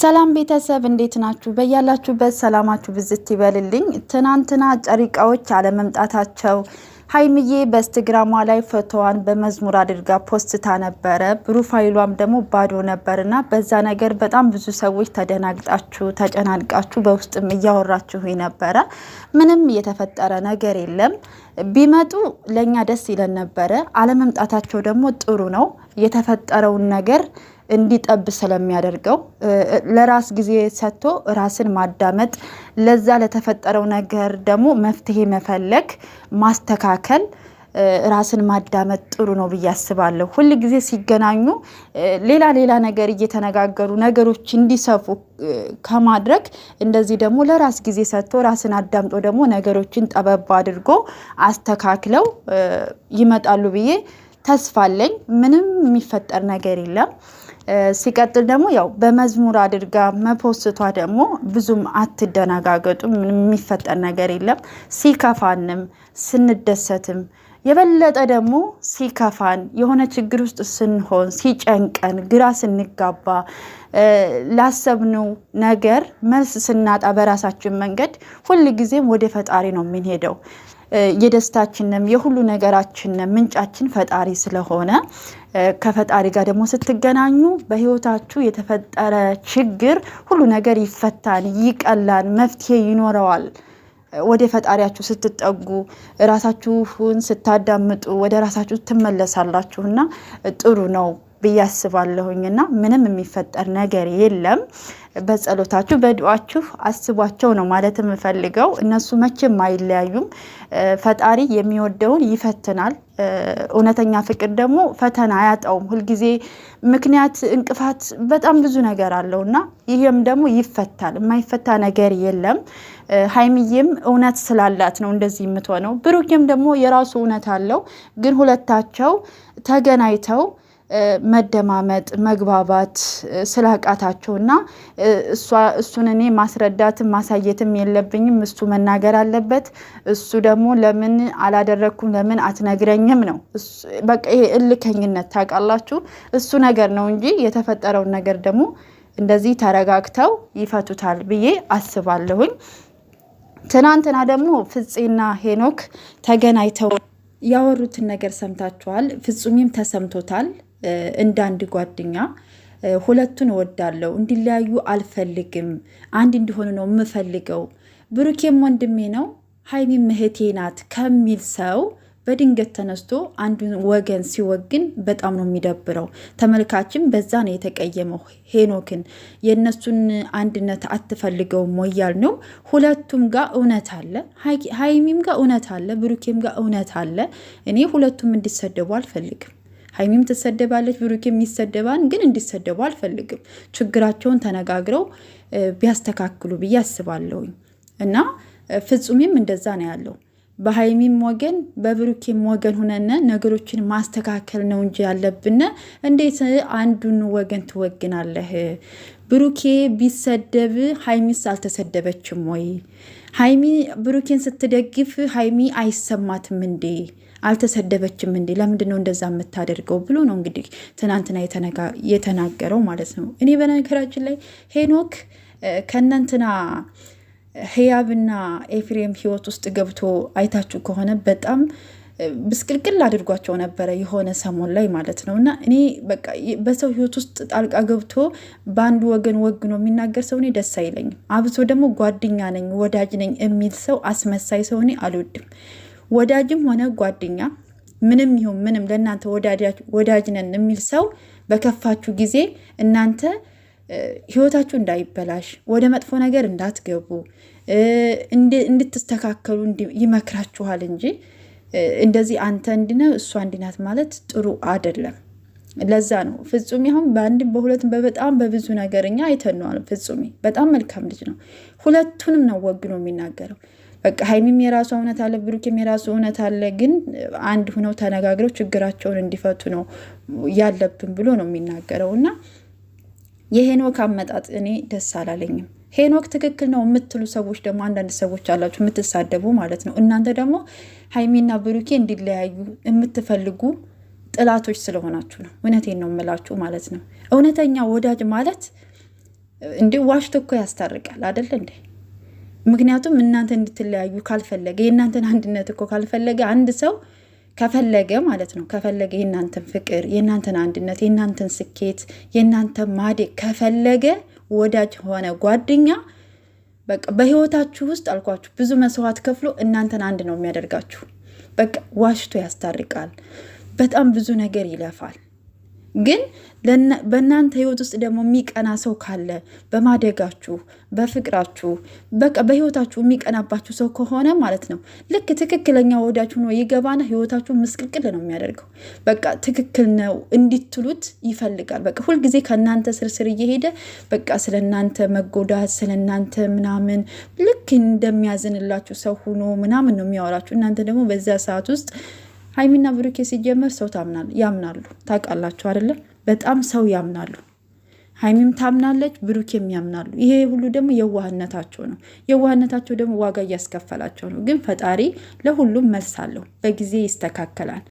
ሰላም ቤተሰብ እንዴት ናችሁ? በያላችሁበት ሰላማችሁ ብዝት ይበልልኝ። ትናንትና ጨሪቃዎች አለመምጣታቸው ሀይምዬ በኢንስታግራሟ ላይ ፎቶዋን በመዝሙር አድርጋ ፖስትታ ነበረ። ፕሮፋይሏም ደግሞ ባዶ ነበርና በዛ ነገር በጣም ብዙ ሰዎች ተደናግጣችሁ ተጨናንቃችሁ በውስጥም እያወራችሁ ነበረ። ምንም የተፈጠረ ነገር የለም። ቢመጡ ለእኛ ደስ ይለን ነበረ። አለመምጣታቸው ደግሞ ጥሩ ነው። የተፈጠረውን ነገር እንዲጠብ ስለሚያደርገው ለራስ ጊዜ ሰጥቶ ራስን ማዳመጥ፣ ለዛ ለተፈጠረው ነገር ደግሞ መፍትሄ መፈለግ፣ ማስተካከል ራስን ማዳመጥ ጥሩ ነው ብዬ አስባለሁ። ሁል ጊዜ ሲገናኙ ሌላ ሌላ ነገር እየተነጋገሩ ነገሮች እንዲሰፉ ከማድረግ እንደዚህ ደግሞ ለራስ ጊዜ ሰጥቶ ራስን አዳምጦ ደግሞ ነገሮችን ጠበብ አድርጎ አስተካክለው ይመጣሉ ብዬ ተስፋ አለኝ። ምንም የሚፈጠር ነገር የለም። ሲቀጥል ደግሞ ያው በመዝሙር አድርጋ መፖስቷ ደግሞ ብዙም አትደነጋገጡ። ምንም የሚፈጠር ነገር የለም። ሲከፋንም ስንደሰትም የበለጠ ደግሞ ሲከፋን የሆነ ችግር ውስጥ ስንሆን ሲጨንቀን ግራ ስንጋባ ላሰብነው ነገር መልስ ስናጣ በራሳችን መንገድ ጊዜም ወደ ፈጣሪ ነው የምንሄደው። የደስታችንም የሁሉ ነገራችንም ምንጫችን ፈጣሪ ስለሆነ ከፈጣሪ ጋር ደግሞ ስትገናኙ በህይወታችሁ የተፈጠረ ችግር ሁሉ ነገር ይፈታል፣ ይቀላል፣ መፍትሄ ይኖረዋል። ወደ ፈጣሪያችሁ ስትጠጉ ራሳችሁን ስታዳምጡ ወደ ራሳችሁ እና ጥሩ ነው። ብዬ አስባለሁኝ እና ምንም የሚፈጠር ነገር የለም። በጸሎታችሁ በዱዓችሁ አስቧቸው ነው ማለት የምፈልገው። እነሱ መቼም አይለያዩም። ፈጣሪ የሚወደውን ይፈትናል። እውነተኛ ፍቅር ደግሞ ፈተና አያጣውም። ሁልጊዜ ምክንያት፣ እንቅፋት በጣም ብዙ ነገር አለው እና ይህም ደግሞ ይፈታል። የማይፈታ ነገር የለም። ሀይሚዬም እውነት ስላላት ነው እንደዚህ የምትሆነው። ብሩኬም ደግሞ የራሱ እውነት አለው። ግን ሁለታቸው ተገናኝተው መደማመጥ መግባባት ስላቃታቸው እና እሱን እኔ ማስረዳትም ማሳየትም የለብኝም። እሱ መናገር አለበት። እሱ ደግሞ ለምን አላደረግኩም ለምን አትነግረኝም ነው። በቃ ይሄ እልከኝነት ታውቃላችሁ፣ እሱ ነገር ነው እንጂ የተፈጠረውን ነገር ደግሞ እንደዚህ ተረጋግተው ይፈቱታል ብዬ አስባለሁኝ። ትናንትና ደግሞ ፍፄና ሄኖክ ተገናኝተው ያወሩትን ነገር ሰምታችኋል። ፍጹሜም ተሰምቶታል። እንደ አንድ ጓደኛ ሁለቱን እወዳለሁ፣ እንዲለያዩ አልፈልግም፣ አንድ እንዲሆኑ ነው የምፈልገው፣ ብሩኬም ወንድሜ ነው፣ ሀይሚም እህቴ ናት ከሚል ሰው በድንገት ተነስቶ አንዱን ወገን ሲወግን በጣም ነው የሚደብረው። ተመልካችም በዛ ነው የተቀየመው ሄኖክን። የእነሱን አንድነት አትፈልገውም ሞያል ነው። ሁለቱም ጋር እውነት አለ፣ ሀይሚም ጋር እውነት አለ፣ ብሩኬም ጋር እውነት አለ። እኔ ሁለቱም እንዲሰደቡ አልፈልግም። ሀይሚም ትሰደባለች፣ ብሩኬም ይሰደባል። ግን እንዲሰደቡ አልፈልግም። ችግራቸውን ተነጋግረው ቢያስተካክሉ ብዬ አስባለሁኝ እና ፍጹሜም እንደዛ ነው ያለው በሀይሚም ወገን በብሩኬም ወገን ሁነን ነገሮችን ማስተካከል ነው እንጂ ያለብን። እንዴት አንዱን ወገን ትወግናለህ? ብሩኬ ቢሰደብ ሀይሚስ አልተሰደበችም ወይ? ሀይሚ ብሩኬን ስትደግፍ ሀይሚ አይሰማትም እንዴ? አልተሰደበችም እንዴ? ለምንድን ነው እንደዛ የምታደርገው ብሎ ነው እንግዲህ ትናንትና የተናገረው ማለት ነው። እኔ በነገራችን ላይ ሄኖክ ከእናንትና ህያብና ኤፍሬም ህይወት ውስጥ ገብቶ አይታችሁ ከሆነ በጣም ብስቅልቅል አድርጓቸው ነበረ የሆነ ሰሞን ላይ ማለት ነው። እና እኔ በቃ በሰው ህይወት ውስጥ ጣልቃ ገብቶ በአንድ ወገን ወግኖ የሚናገር ሰው እኔ ደስ አይለኝም። አብሶ ደግሞ ጓደኛ ነኝ፣ ወዳጅ ነኝ የሚል ሰው አስመሳይ ሰው እኔ አልወድም። ወዳጅም ሆነ ጓደኛ ምንም ይሁን ምንም ለእናንተ ወዳጅ ነን የሚል ሰው በከፋችሁ ጊዜ እናንተ ህይወታችሁ እንዳይበላሽ ወደ መጥፎ ነገር እንዳትገቡ እንድትስተካከሉ ይመክራችኋል እንጂ እንደዚህ አንተ እንዲነ እሷ እንዲናት ማለት ጥሩ አይደለም። ለዛ ነው ፍጹሜ አሁን በአንድም በሁለትም በጣም በብዙ ነገር እኛ አይተነዋል። ፍጹሜ በጣም መልካም ልጅ ነው። ሁለቱንም ነው ወግኖ የሚናገረው። በቃ ሀይሚም የራሱ እውነት አለ፣ ብሩኬም የራሱ እውነት አለ። ግን አንድ ሁነው ተነጋግረው ችግራቸውን እንዲፈቱ ነው ያለብን ብሎ ነው የሚናገረው እና የሄኖክ አመጣጥ እኔ ደስ አላለኝም። ሄኖክ ትክክል ነው የምትሉ ሰዎች ደግሞ አንዳንድ ሰዎች አላችሁ የምትሳደቡ ማለት ነው። እናንተ ደግሞ ሀይሚና ብሩኬ እንዲለያዩ የምትፈልጉ ጥላቶች ስለሆናችሁ ነው። እውነቴን ነው የምላችሁ ማለት ነው። እውነተኛ ወዳጅ ማለት እንዲህ ዋሽቶ እኮ ያስታርቃል አደለ እንዴ? ምክንያቱም እናንተ እንድትለያዩ ካልፈለገ የእናንተን አንድነት እኮ ካልፈለገ አንድ ሰው ከፈለገ ማለት ነው ከፈለገ የእናንተን ፍቅር፣ የእናንተን አንድነት፣ የእናንተን ስኬት፣ የእናንተን ማደግ ከፈለገ ወዳጅ ሆነ ጓደኛ በቃ በህይወታችሁ ውስጥ አልኳችሁ ብዙ መስዋዕት ከፍሎ እናንተን አንድ ነው የሚያደርጋችሁ። በቃ ዋሽቶ ያስታርቃል። በጣም ብዙ ነገር ይለፋል። ግን በእናንተ ህይወት ውስጥ ደግሞ የሚቀና ሰው ካለ በማደጋችሁ በፍቅራችሁ በቃ በህይወታችሁ የሚቀናባችሁ ሰው ከሆነ ማለት ነው ልክ ትክክለኛ ወዳችሁ ነው ይገባና ህይወታችሁ ምስቅልቅል ነው የሚያደርገው። በቃ ትክክል ነው እንዲትሉት ይፈልጋል። በቃ ሁልጊዜ ከእናንተ ስርስር እየሄደ በቃ ስለ እናንተ መጎዳት ስለ እናንተ ምናምን ልክ እንደሚያዝንላችሁ ሰው ሁኖ ምናምን ነው የሚያወራችሁ። እናንተ ደግሞ በዚያ ሰዓት ውስጥ ሀይሚና ብሩኬ ሲጀመር ሰው ያምናሉ። ታውቃላችሁ አይደለም? በጣም ሰው ያምናሉ። ሀይሚም ታምናለች፣ ብሩኬም ያምናሉ። ይሄ ሁሉ ደግሞ የዋህነታቸው ነው። የዋህነታቸው ደግሞ ዋጋ እያስከፈላቸው ነው። ግን ፈጣሪ ለሁሉም መልስ አለው። በጊዜ ይስተካከላል።